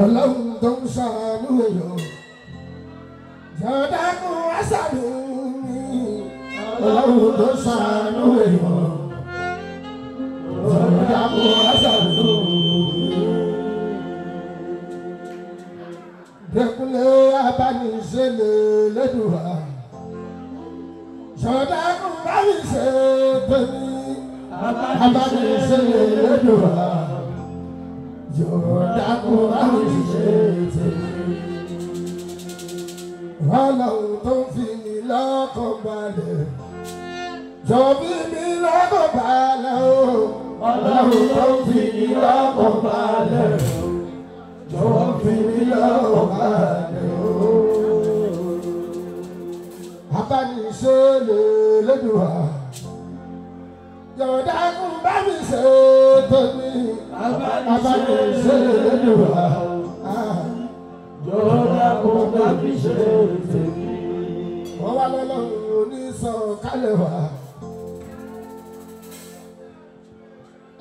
ọlọ́run tó ń ṣàánú èèyàn jọ̀dá kún wá ṣàánú Elédùà yọ̀dá kún bá mi ṣe tèmi bàbá mi ṣe Elédùà. yọ̀dá kún bá mi ṣe tèmi. wọ́n wá lọ́lọ́run onísọ̀kalẹ̀ wá.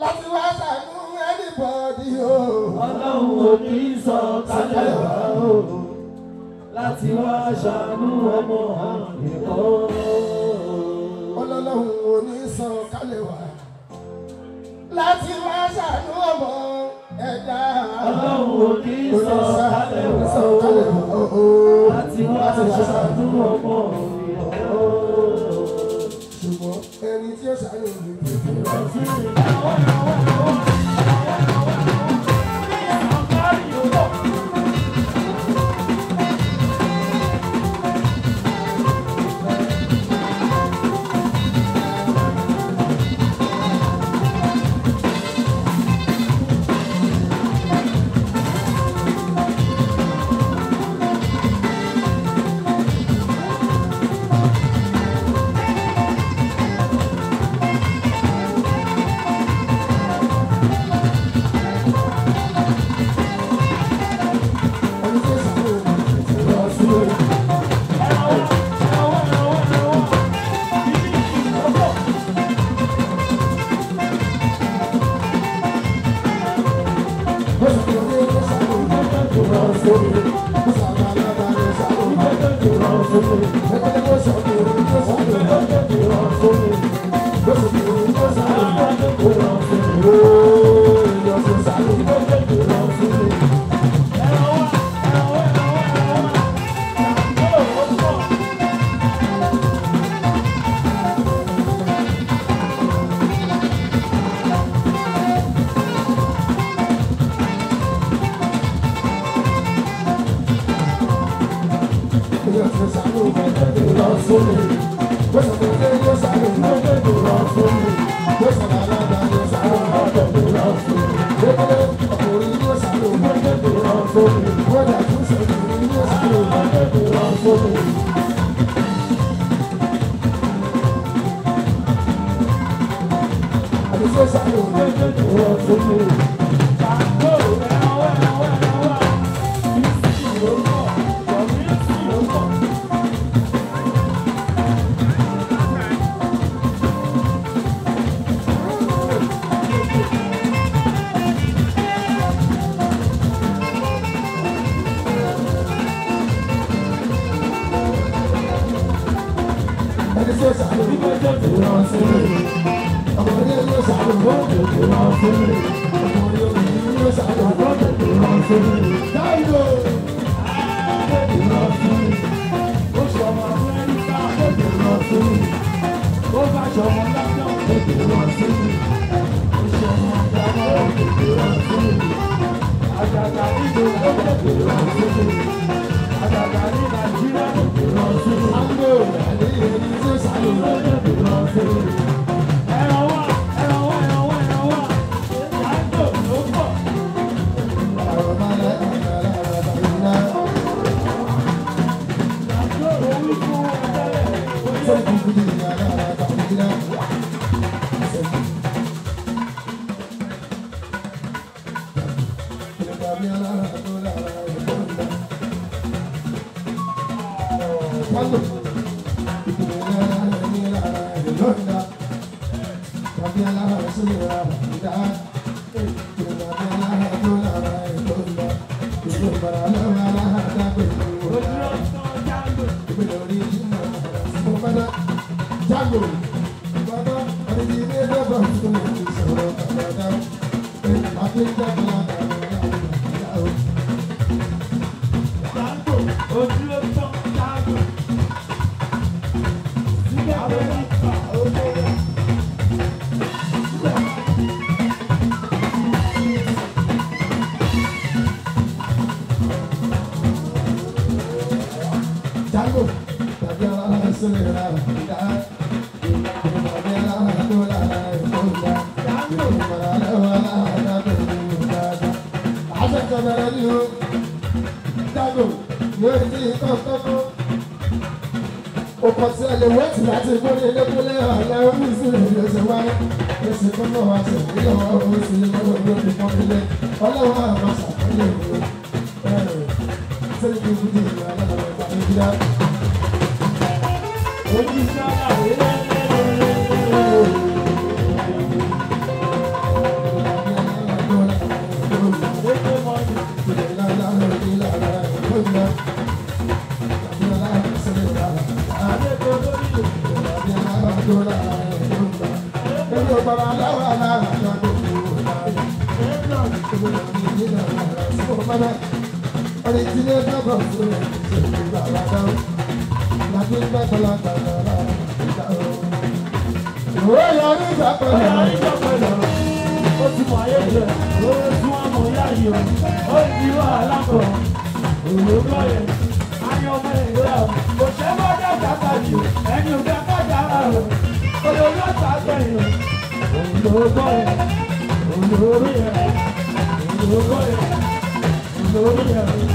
láti wá sàmú ẹnìbọ̀dì o. ọlọ́run onísọ̀kalẹ̀ wá o. láti wá sàmú ọmọ àgbẹ̀kọ́ o ní sàn kálẹ̀ wá láti wá ṣàánú ọmọ ẹ̀dá. ọlọ́run ò ní sàn kálẹ̀ wá láti wá ṣàánú ọmọ ẹ̀dá. ṣùgbọ́n ẹni tí ó ṣàánú ìlú.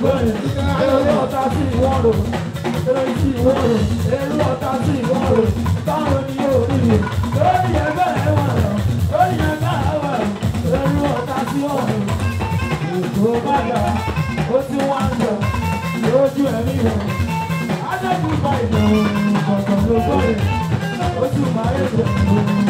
ìgbọ́rin eré ọ̀tá sí ìwọ́rò eré sí ìwọ́rò eré ọ̀tá sí ìwọ́rò táwọn oníyẹ oníyẹ lórí ẹgbẹ́ ẹ̀wà lórí ẹgbẹ́ ẹ̀wà eré ọ̀tá sí ọ̀rọ̀ ètò padà ó ti wá ń lọ lójú ẹ̀mí rẹ̀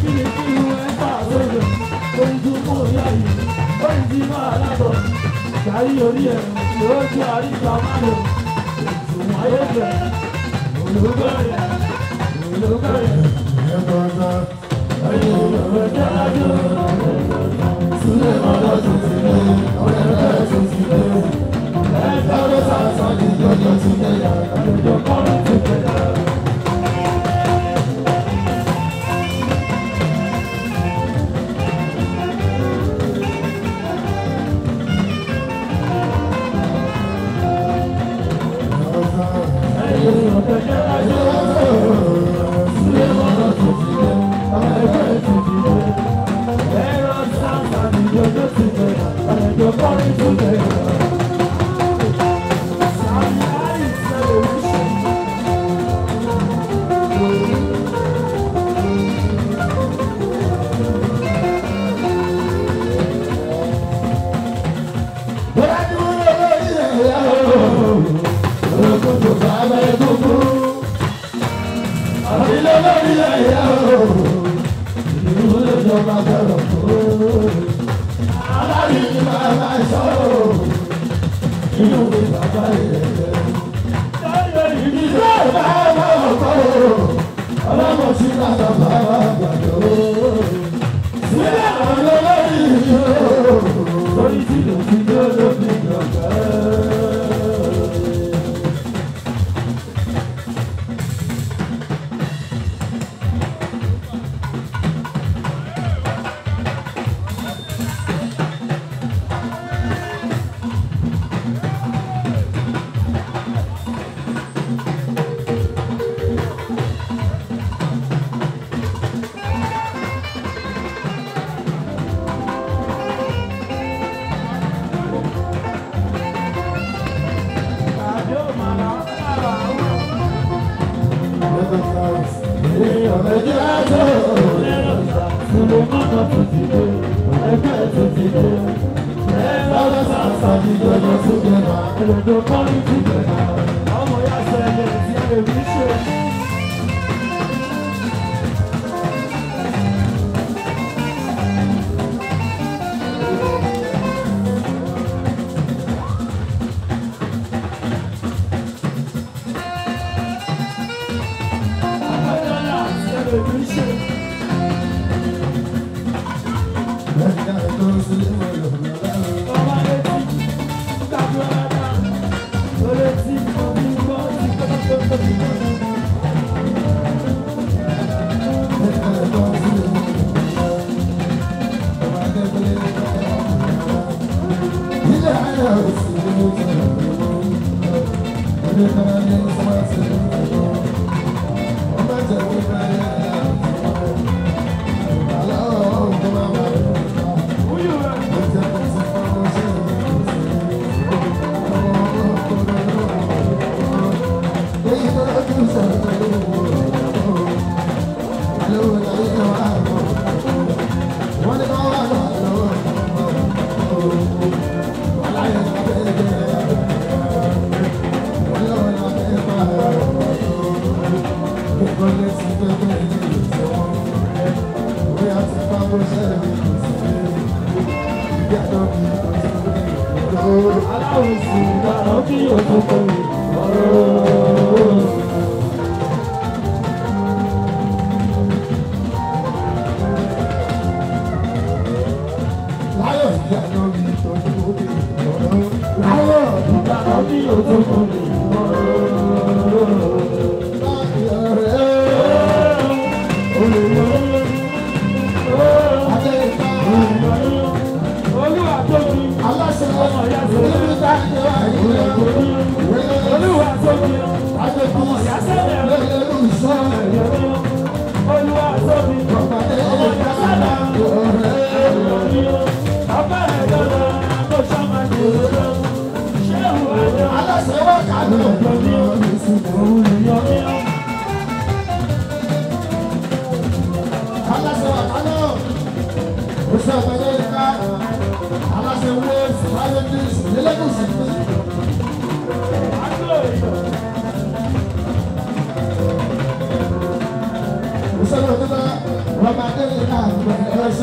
kárí orí ẹ̀ lójú àríwá máa lò ìṣòwò ayélujára olùgbọ̀rẹ̀ olùgbọ̀rẹ̀. ẹ̀kọ́ta ẹ̀yìn olùgbọ̀rẹ̀ dájú sílẹ̀ ọ̀dọ́ tuntun ní ọ̀rẹ́dẹ́ tuntun ní ẹ̀ka ló sàṣà ní ìjọba tuntun ní ìyàrá lójó kọ́rọ́.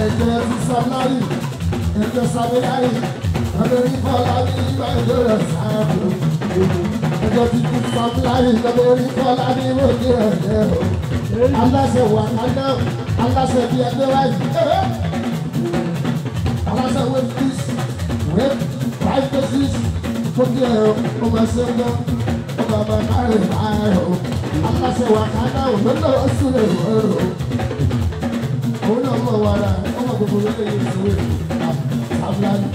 ẹ̀jẹ̀ sísan láyì ẹ̀jẹ̀ sábẹ́ láyì ọdún ní bọ́lá ní ìgbà ìjọ rẹ̀ sáàbù ẹ̀jẹ̀ ti kú sábẹ́ láyì ọdún ní bọ́lá ní ìwòye ẹ̀jẹ̀ o aláṣẹ wà lánàá aláṣẹ bí ẹgbẹ́ wáyé aláṣẹ wẹ́ẹ́ fi wẹ́ẹ́ five to six fókè ẹ̀ ọmọ ẹ̀ṣẹ̀ náà ọmọ ẹ̀ṣẹ̀ náà rẹ̀ báyẹ̀ o aláṣẹ wà lánàá òmìnira ọ̀ṣun rẹ̀ wọ́ọ̀rọ̀ ọmọ wàrà ọmọ gbogbo lóye yìí ìṣòwò àbúrádì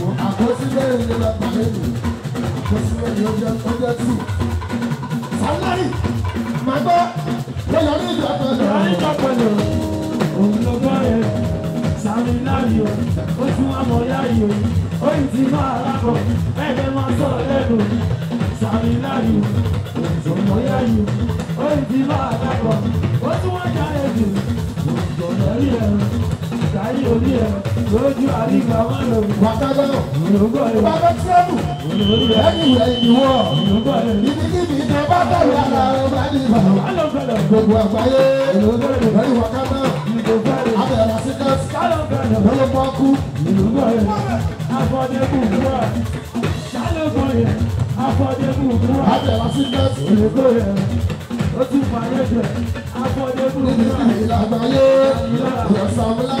ọmọ àkọsílẹ̀ ìlú bàbá lẹ́nu àkọsílẹ̀ ìlú ọjọ́ ọjọ́ tù sálárì màá gbọ́ lọ́yọ̀ ní ìjọ àtọ̀dọ̀ ọ̀rọ̀ ìjọ pẹ̀lú òun ló gbọ́ yẹn sáré láàyè o ó tún àmọ́ yáàyè o ó yìí ti máa rákọ̀ ẹ̀ẹ́dẹ́ máa sọ̀rọ̀ lẹ́nu sáré láàyè o òun ó tí wọ́n jáde jù òǹtọ̀nà rí ẹ ìdáyé orí ẹ lójú àríwá wọn lò. wàtálọ́ bàbá tíọ́nù ẹ̀yìn ẹ̀yìn wọ̀ ibikíbi tó bá bẹ̀rù ara rẹ̀ bá ní ìbàdàn gbogbo àgbáyé lórí wàkátà abẹ́rẹ́ síkẹ́sì lórí pọ́kú. afọdébù wúwa sálẹ̀ bọ̀yẹ̀ afọdébù wúwa abẹ́rẹ́ síkẹ́sì ó ti fà yé jẹ afọdé fún mi. ìlà àgbáyé ìyọ̀sà ọ̀làyò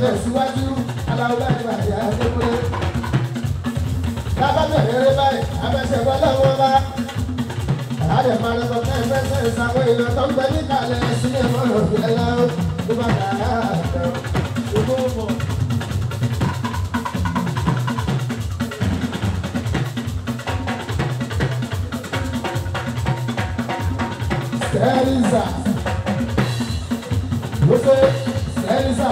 fẹ́ síwájú aláwọ̀lá ni bàjẹ́ àdékúnlé. lábàtà eré báyìí abẹ́sẹ̀ bọ́lá wọn bá. àádẹ máa lọ bọ̀ náà ìsàwọ̀ ìlọ tó ń gbẹ níkàlẹ̀ sílẹ̀ mọ́rọ̀ fìlẹ̀ lọ́wọ́ ló bá dà á àtọ̀ ìgbówó bọ̀. Seriza. Você, Seriza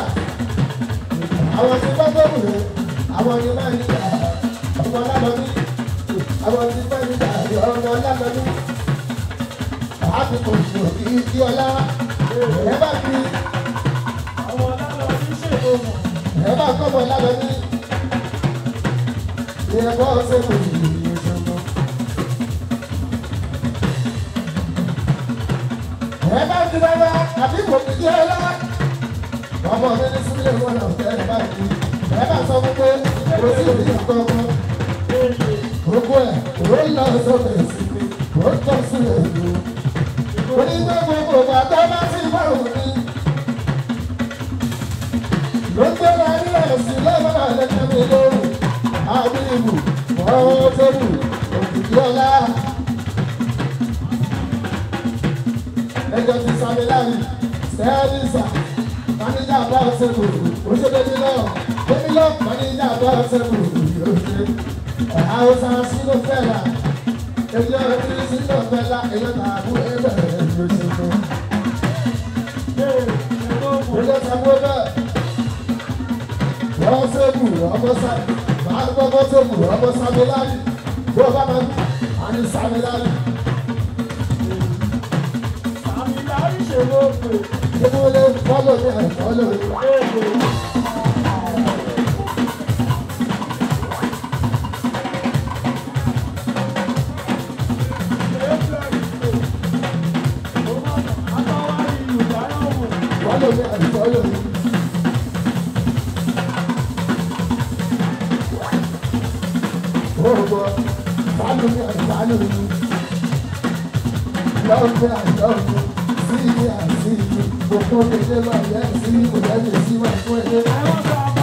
àwọn tí bá gbẹ́rù rẹ̀ àwọn ni máa ń jà ọmọ alálọ́ní àwọn tí bá ń jà ọmọ alálọ́ní àbíkò sí òbí sí ọlá ẹ bá fi ọmọ alálọ́ní ṣètò ẹ bá kọ́ ọmọ alálọ́ní ẹ bá ọ̀sẹ̀ kò yìí. ẹ bá ti bá bá àbíkò sí ọlá ọmọ mi ní sílé wọn náà fẹ́ ẹ báyìí ẹ bá sọ fún pé kò sí ìdí nǹkan mọ́ gbogbo ẹ̀ ló ń lọ sókè sí ó ń tọ́ sí èlò onígbà gbogbo bàtà bá sì báwò ní ló gbé láyé ẹ̀ sí lẹ́wọ̀n lẹ́kẹ́ mi lóhùn àbíbù ọ̀hún tẹ́bù òkìkí ọlá. ẹjọ́ ti sàmì láàyè sẹ́ẹ̀lì sàmì ní àbá ọ̀sẹ̀ kù oṣù bẹ́bí náà bẹ́bí lọ́pọ̀ ní ní àbá ọ̀sẹ̀ kù oṣù àwòsàn ìdílé bọ́lọ̀ ní àìsọ́lọ̀. Bọ́lọ̀ ní àìsọ́lọ̀. Bọ́lọ̀ ní àìsọ́lọ̀. Love me, I love you. See me, I see you. Gbogbo mi lé lọ, ìyá mi sí, ìyá mi sí, wà fún ẹ.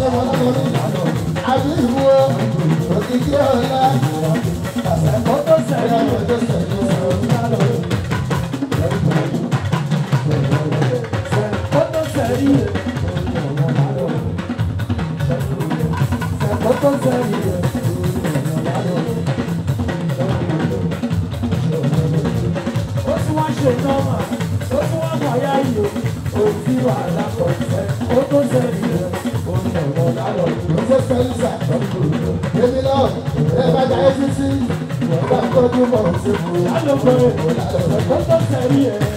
ṣe wọ́n torí ìlànà àbíwú òkìkí ọ̀la àṣàkó tó sẹ̀lẹ̀ ọ̀rọ̀ tó sẹ̀lẹ̀ ọ̀rọ̀ dáadọ̀ oúnjẹ sẹ́yìnsà ọ̀dùnkùn èmi náà ẹ bá jà ẹ́ títí ọ̀dà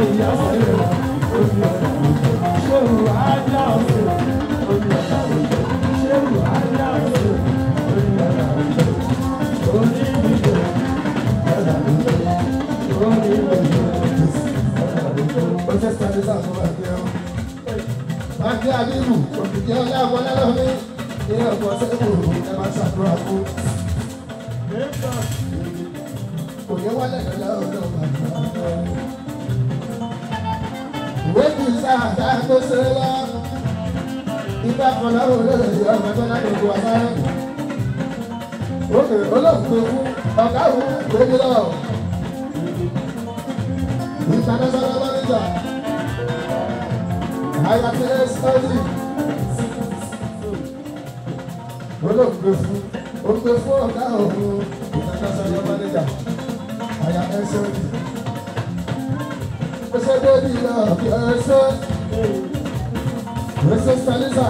abiru òkùnkùn ọlá abọlá lọ́wọ́ ní ọgbọ̀n sẹ́kùrù ẹ máa ṣàdúrà fún. kò yẹ wálẹ̀ lọ́la ọ̀dọ́ ọ̀gbà méjì sáàtà tó ṣe lọ. Ibà kan náà olóòyè ọmọ tó náà gbogbo ọ̀sán. Òkè olóòtú ọ̀gá òun gbèdé lọ. International manager. Ayatollah Sọ́ọ̀lì. Olóògbé fún olùgbé fún ọ̀gá òun international manager. Ayatollah Sọ́ọ̀lì. Special baby love, yes sir. Yes sir, Salisa.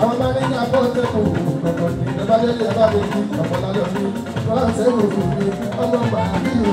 Àwọn bá lẹ́yìn abọ́ tẹ́kù, kọ̀kọ̀ ní ìjọba lẹ́yìn ẹ̀bá mi kí ọ̀pọ̀ lálẹ́ mi. Wọ́n á sẹ́yìn òkú mi, ọmọ ọgbà àbí ìlú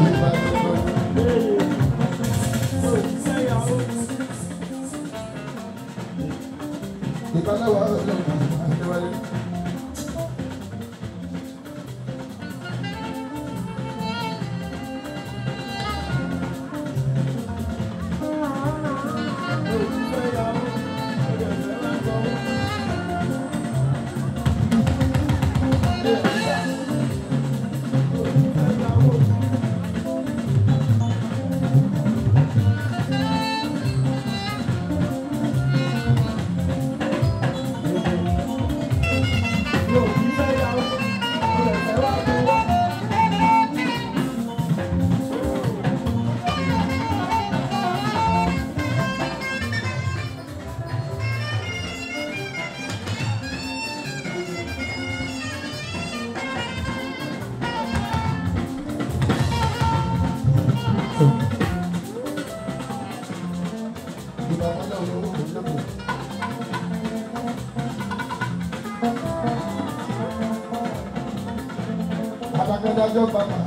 adájọ́ bàbá.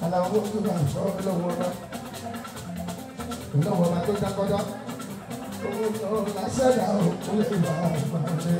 hello, tó bá sọ lọ́wọ́ bá lọ́wọ́ bá tó dákọ́dá owó tó lásẹ̀dá òkú lè wà ọ̀gbọ̀n ṣe.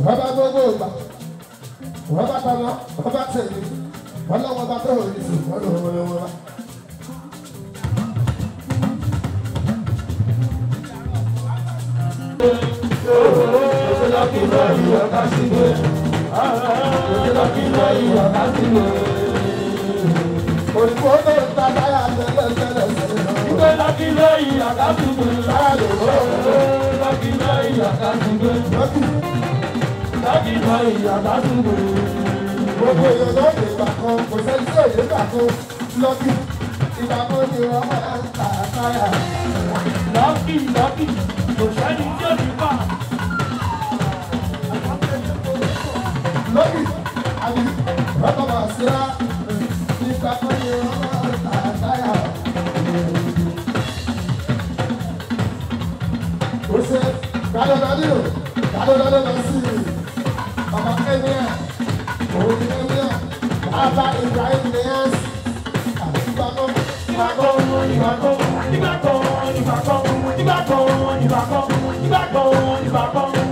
ọba gbogbo ìgbà ọba tọ́lá ọba tẹ̀lé ọlọ́wọ́ bá tó rí sí ọlọ́wọ́ bá. Ojúlọ́kìlọ́ yìí ọ̀ká sílé. Ojúlọ́kìlọ́ yìí ọ̀ká sílé. Òyìnbó ló ń ta táyà tẹ́lẹ̀tẹ́lẹ̀ sílẹ̀. Ojúlọ́kìlọ́ yìí ìyá bá tún lò ó. gbogbo èèyàn ló lè gbà kan kò sẹ́ni tí òye gbà kan lọ́kì ìgbà kan ni wọ́n máa ń ta àkàrà. lọ́kì lọ́kì kò sẹ́ni tí òye gbà. lọ́kì àbí ọkọ̀ máa síra ìgbà kan ni wọ́n máa ń ta àkàrà. ó ṣe dáadáa dáadáa dáadáa dáadáa sí i nìyẹn òun ní nìyẹn bàbá Ibrahim nìyẹn ìgbà kan ìgbà kan ìgbà kan ìgbà kan ìgbà kan ìgbà kan ìgbà kan ìgbà kan ìgbà kan.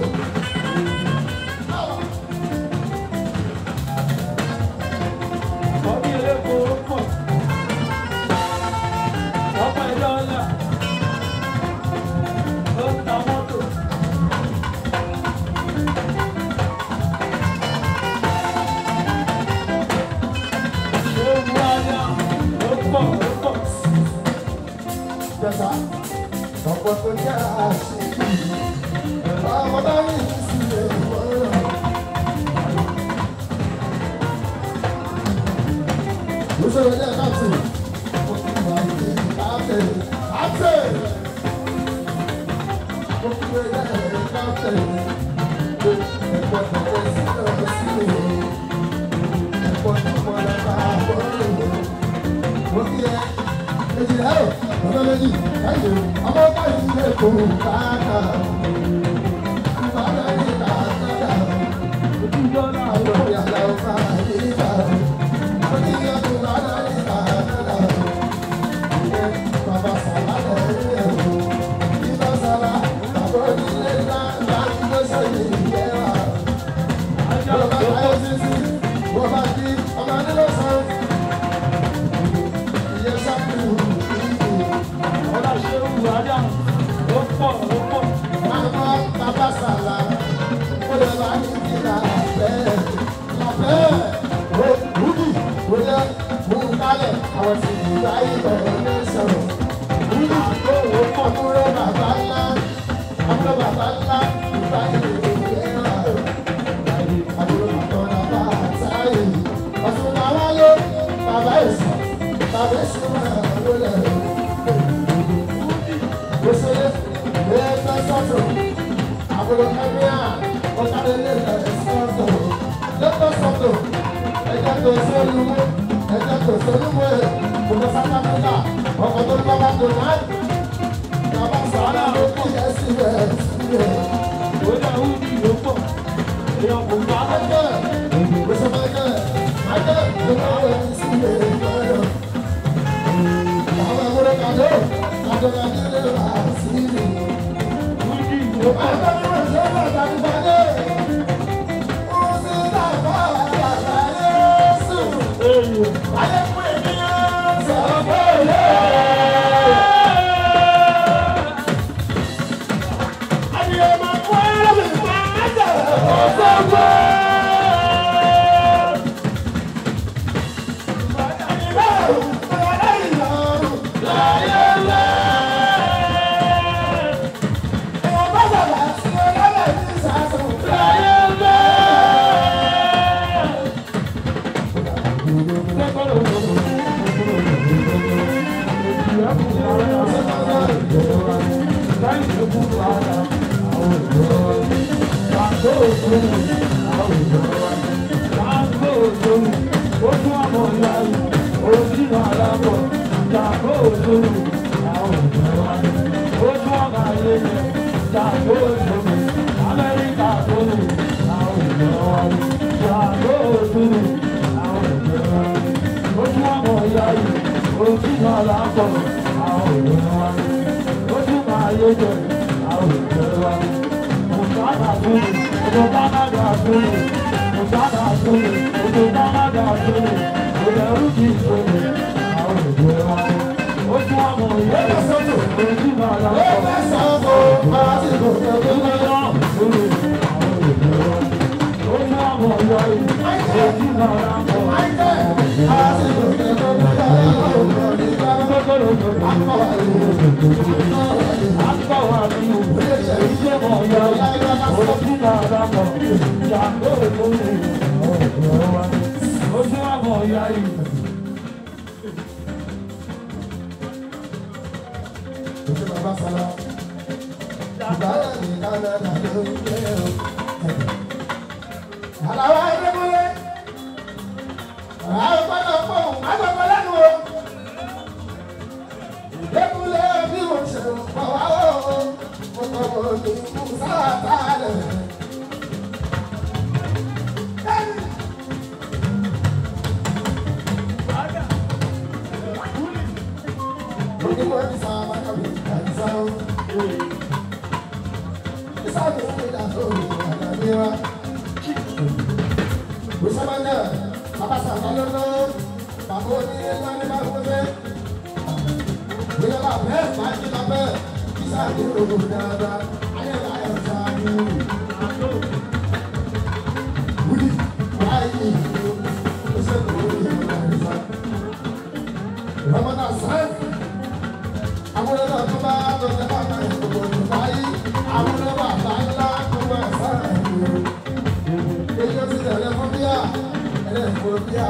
mẹ́ta ọ̀pọ̀ tó jẹ́ àṣírí ẹ̀rọ ọmọdé yìí sì lè wọ́n. Lóṣèlú ẹ̀jẹ̀ káàtì, ó méjì ẹ̀jẹ̀ ọmọ àwọn sì ń gba ìbẹ̀rẹ̀ ní sọ̀rọ̀ wúlò owó pọ̀ tó rẹ̀ bàbá ńlá àbúrò bàbá ńlá ìgbà ìrètí ìrìnà àbúrò ìtọ́nà bá àtàyè ọ̀tún làwọn lé bàbá ìsàn bàbá ìsìn náà ló lẹ̀ gbèsèlè lẹ́ẹ̀fẹ́ sọ́tọ̀ àbúrò ẹgbẹ́ à ọ̀tàlélẹ́ẹ̀fẹ́ sọ́tọ̀ lẹ́ẹ̀fẹ́ sọ́tọ̀ ẹ̀jẹ̀ tó sọ́lùmọ́ ẹ̀jẹ̀ kò sẹ́yìnwé kò lọ sábà nígbà ọkọ̀ tó ń bá bá tó náà bàbá sàárà ló kù yẹ síbẹ̀ síbẹ̀. ó dà wú bí ló pọ̀ èèyàn kò bá ẹgbẹ́ ìgbìmọ̀ sọ́kẹ́ ẹgbẹ́ ló máa wẹ̀ ní sílẹ̀ ìgbàlọ́. àwọn ẹgbẹ́ kàdó kàdó kàdó lè rà sílẹ̀. ó bá ẹgbẹ́ mi rẹ̀ ṣe é bá àtàkùn bá dé. 아 wa òṣèlú náà bàbá sàmà lọ́nà bàbá onílé ńlá ní bàbá onílé ìjọba bẹ́ẹ̀ máa ń jọba bẹ́ẹ̀ kí sáà ní òwò dáadáa ayé ayọ̀ sáà ní wúlì báyìí òṣèlú onílé ńlá ní sá. Ramadan sáà àwọn ọlọ́dún bá lọ sí bàbá ìṣòro báyìí àwọn ọlọ́dún bá báyìí. Tọ́ba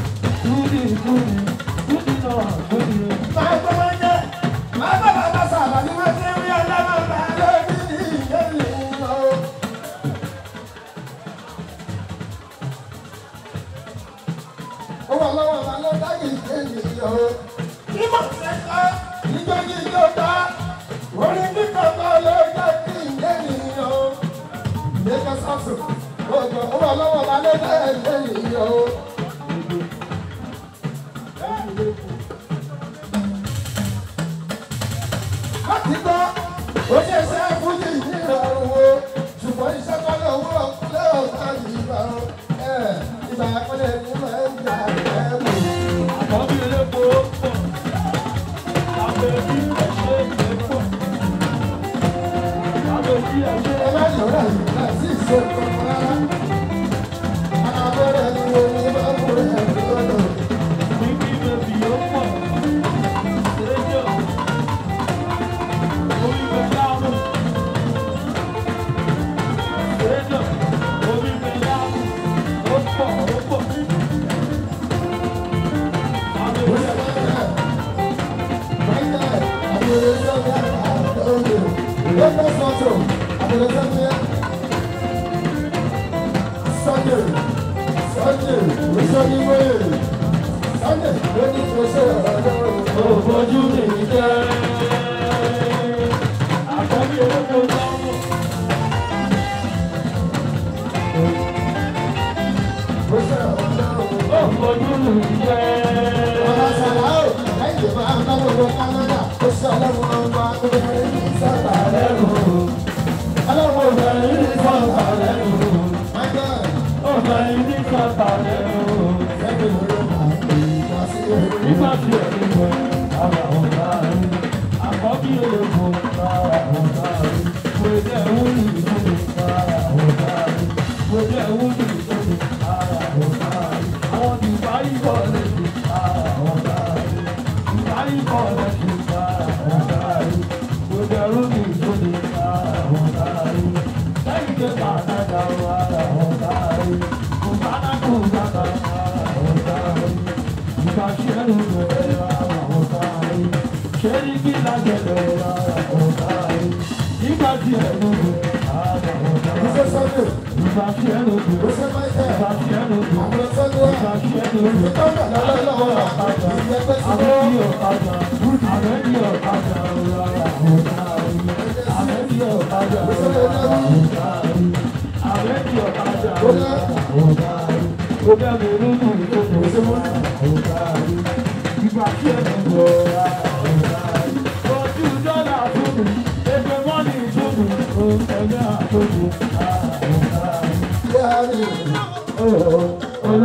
Whoa! oníwèrè sunday ló ní kò ṣe ọ̀rọ̀ ò fojú mi jẹ́ àkọ́bí olóko lọ́wọ́. ó fojú mi jẹ́. ọ̀la sàlá ò láìsí máa ń bá I'm sísàbí ẹni mọ ara ọ̀tá rẹ̀ àkọ́bí olóko ara ọ̀tá rẹ̀ pé jẹ́ wúni. Ìgbà tí ẹ̀rọ ń lọ.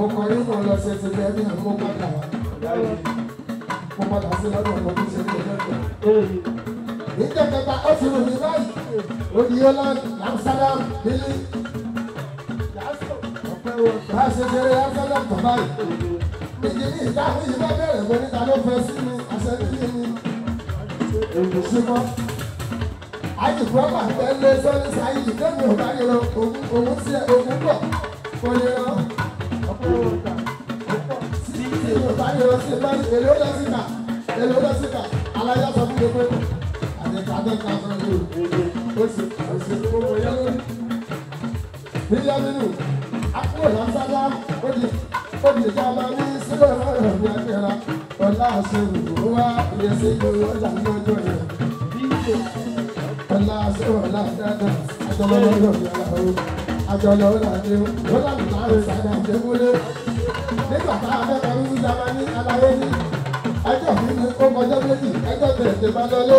mo kọ yín mo lọ ṣe ti bẹ́ẹ̀ ní àmọ́ padà wá. Mo padà sí lọ́dọ̀ ọmọ tó ṣe ní ẹgbẹ́ ní kẹkẹta ó ti rìn mí báyìí Odiola Amsterdam nílí. Bá a ṣe ṣeré Amsterdam tó báyìí. Ìdí ní ìdáhùn yìí bá bẹ̀rẹ̀ mo níta ló fẹ́ sí mi àṣẹ nílé mi. Èyí sí mọ́. Àyìnbó máa ń tẹ́lẹ̀ sọ́ni sáyé ìdẹ́mi ò bá yẹ lọ òun sí ẹ̀ òun bọ̀ kò lè rán. láti lọ sí bá èlò lọ sí kà èlò lọ sí kà alájà sọ fún mi pé àtẹ̀kà àtẹ̀kà sọ yìí o sì o sì gbogbo yẹn lórí. níyà nínú akúrò lásàdá ó di ó di ìjàmbá ní sílẹ̀ lọ́rọ̀ ní akéra ọ̀la àṣẹwò wá ìyẹsí ìgbòho ọjà ní ọjọ́ yẹn. ọ̀la àṣẹwò ọ̀la dáadáa àjọlọ́wọ́ lọ́ọ̀dọ̀ yàrá o àjọlọ́wọ́ làdé o ó làbùkà àrùn sàdá àjẹmúlé nígbà tá a fẹ́ alayé alayé ní ẹjọ́ mi ni ó kọjá méjì ẹjọ́ tẹ̀ ṣe bá lọlé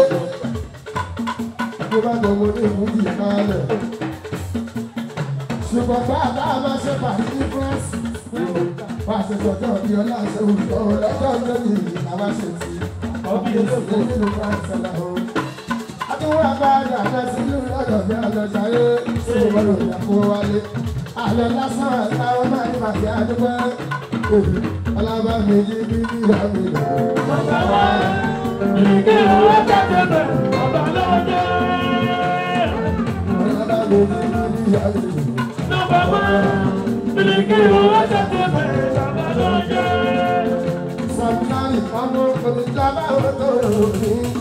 ìjọba tó mo ní ìwúdì máa lẹ̀. ṣùgbọ́n bá a bá a máa ṣe pàdé ní france bá a ṣe sọ̀tọ̀ bí ọlá ṣe wù ọ̀rọ̀ lọ́jọ́ méjì làwa ṣe ti ọbí ètò nínú france làwọn. adúlọ́ bá a dà lọ sí ìlú lọ́dọ̀ bí a lọ ṣayé sí ìwọ́lò wálé. àlọ́ lásán àtàwọn máa ń bàjẹ́ àdúgbò. Alaba méjì bíbí ìyàwó. Bàbá wa, ìdílé owó tẹ̀lé bẹ̀, bàbá lọ́jọ́. Alaba méjì bíbí ìyàwó. Bàbá wa, ìdílé owó tẹ̀lé bẹ̀, bàbá lọ́jọ́. Sàmúlá ìfọ̀nù kò ní jábá òtò òfin.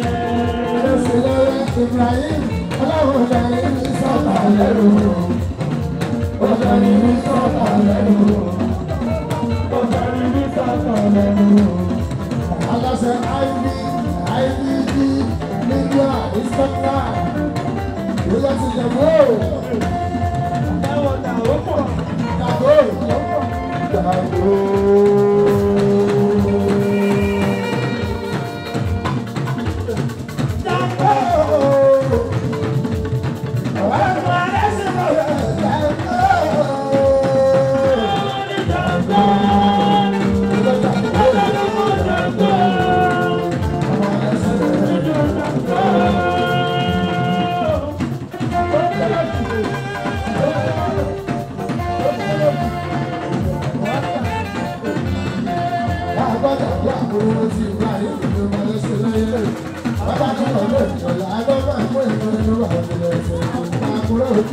Ibrahim ọlọ́run ọ̀dàní ní sọ́tà lẹ́rù ọ̀dàní ní sọ́tà lẹ́rù ọ̀dàní ní sọ́tà lẹ́rù. aláṣẹ iv ivd nígbà ìsọ́tà ìyá ti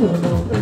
Oh,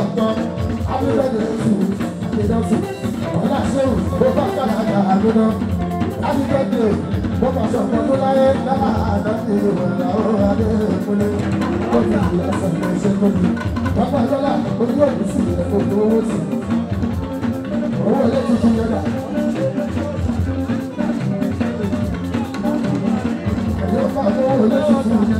ọ̀tọ̀ abúlé tù ìdọ̀tù ọ̀la ṣéwù bó bá kàlàkà àgùnà abúlé tù bó bá sọ̀tọ̀ tó láyé lára àdáńtì ìwọ̀nà ó adé ìpínlẹ̀ ó fi ìlà sọ̀tọ̀ ṣe tóbi bàbá lọ́la ojú ọ̀dùn sí ìrẹ́pọ̀ owó tì owó ilé tuntun yẹn dà. Ẹ̀yọ́ fún àwọn owó ilé tuntun yẹn.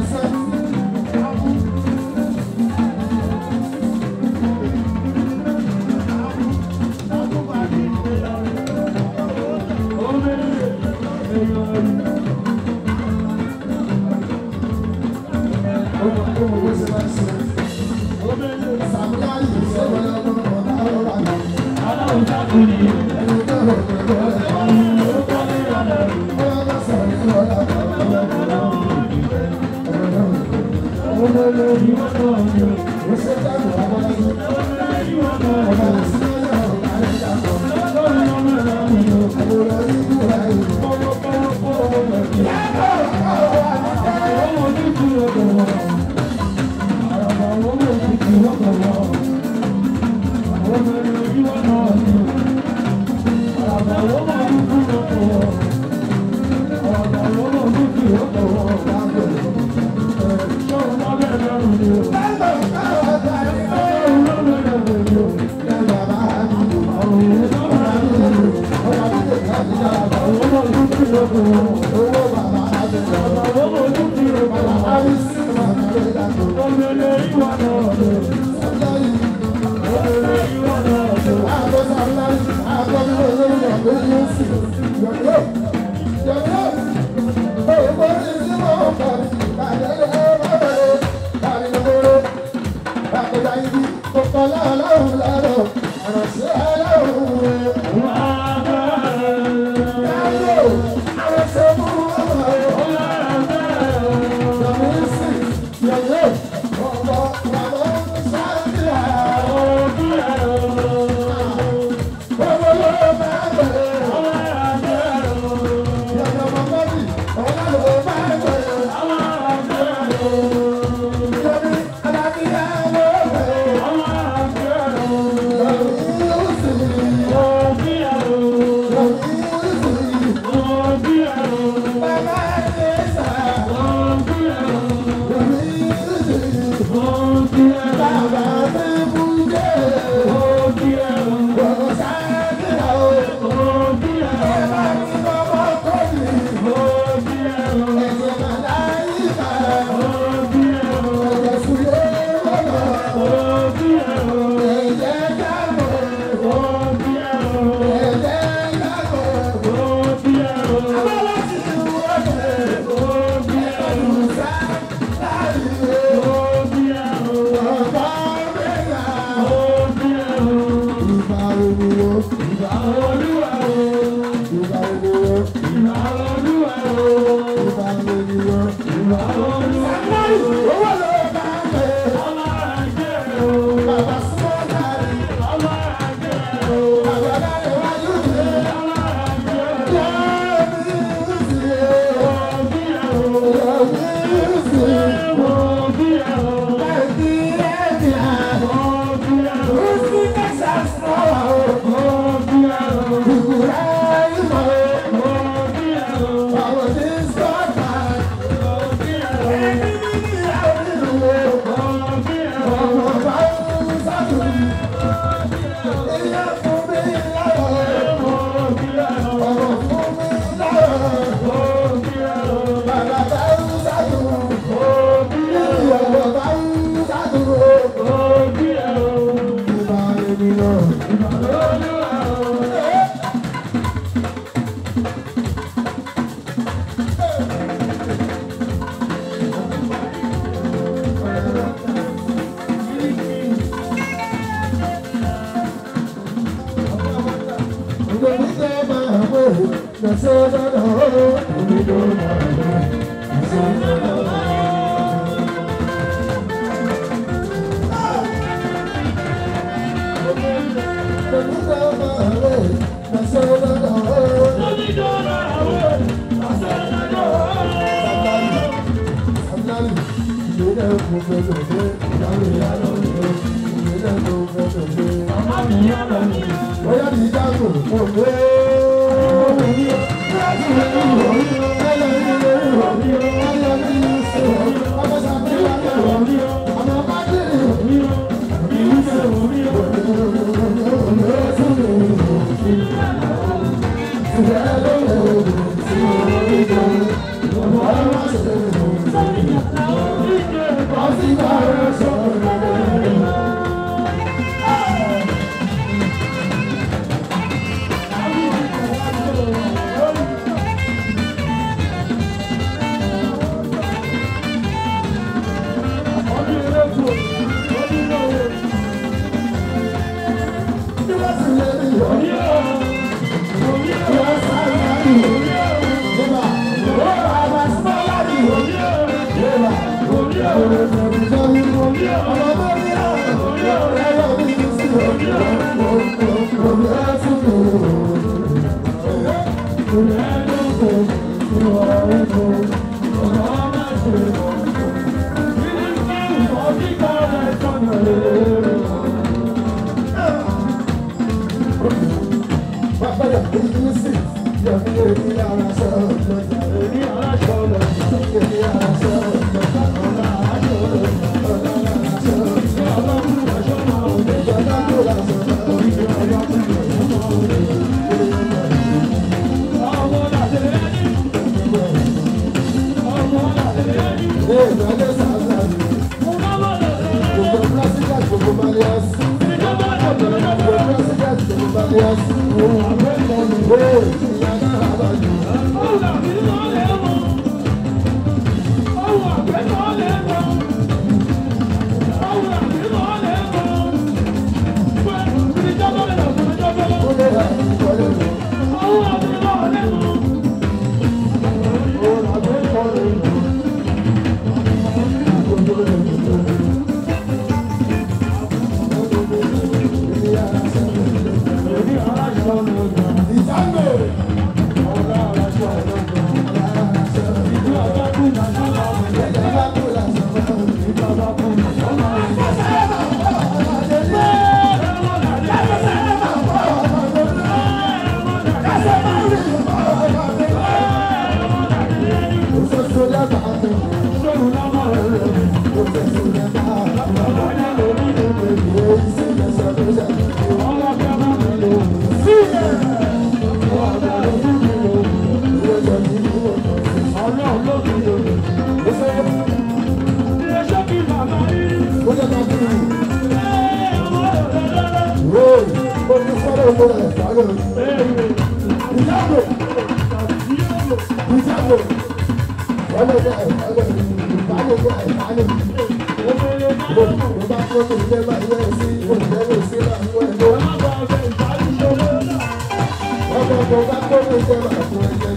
mo bá kó mi jẹ máa tó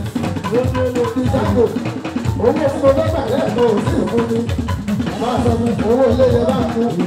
ẹyẹ lójú mo fi jágò owó tí mo bá gbà lẹ́ẹ̀kan ò sí ìfúnni máa sọ fún owó ilé yẹn bá fún mi.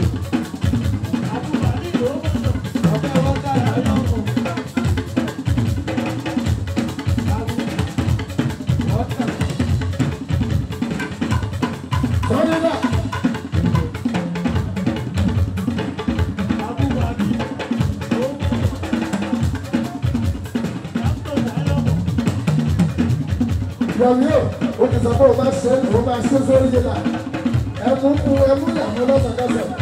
Thank you.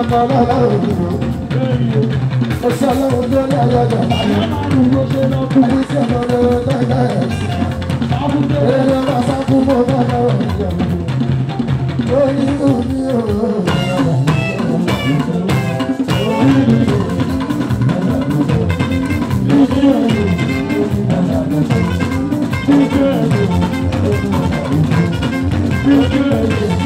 ọmọ ọlọ́run òdìbò. Mo sọ lóhun tó ní ọlọ́dọ̀ láyé. Ẹni tí ọmọ ọlọ́run tó ń bá ẹ̀ sí. Eré máa sá fún mọ́ bá lọ́wọ́ ìjọ. Orí omi òòrùn ọ̀rọ̀ Orí mi ò Thank you.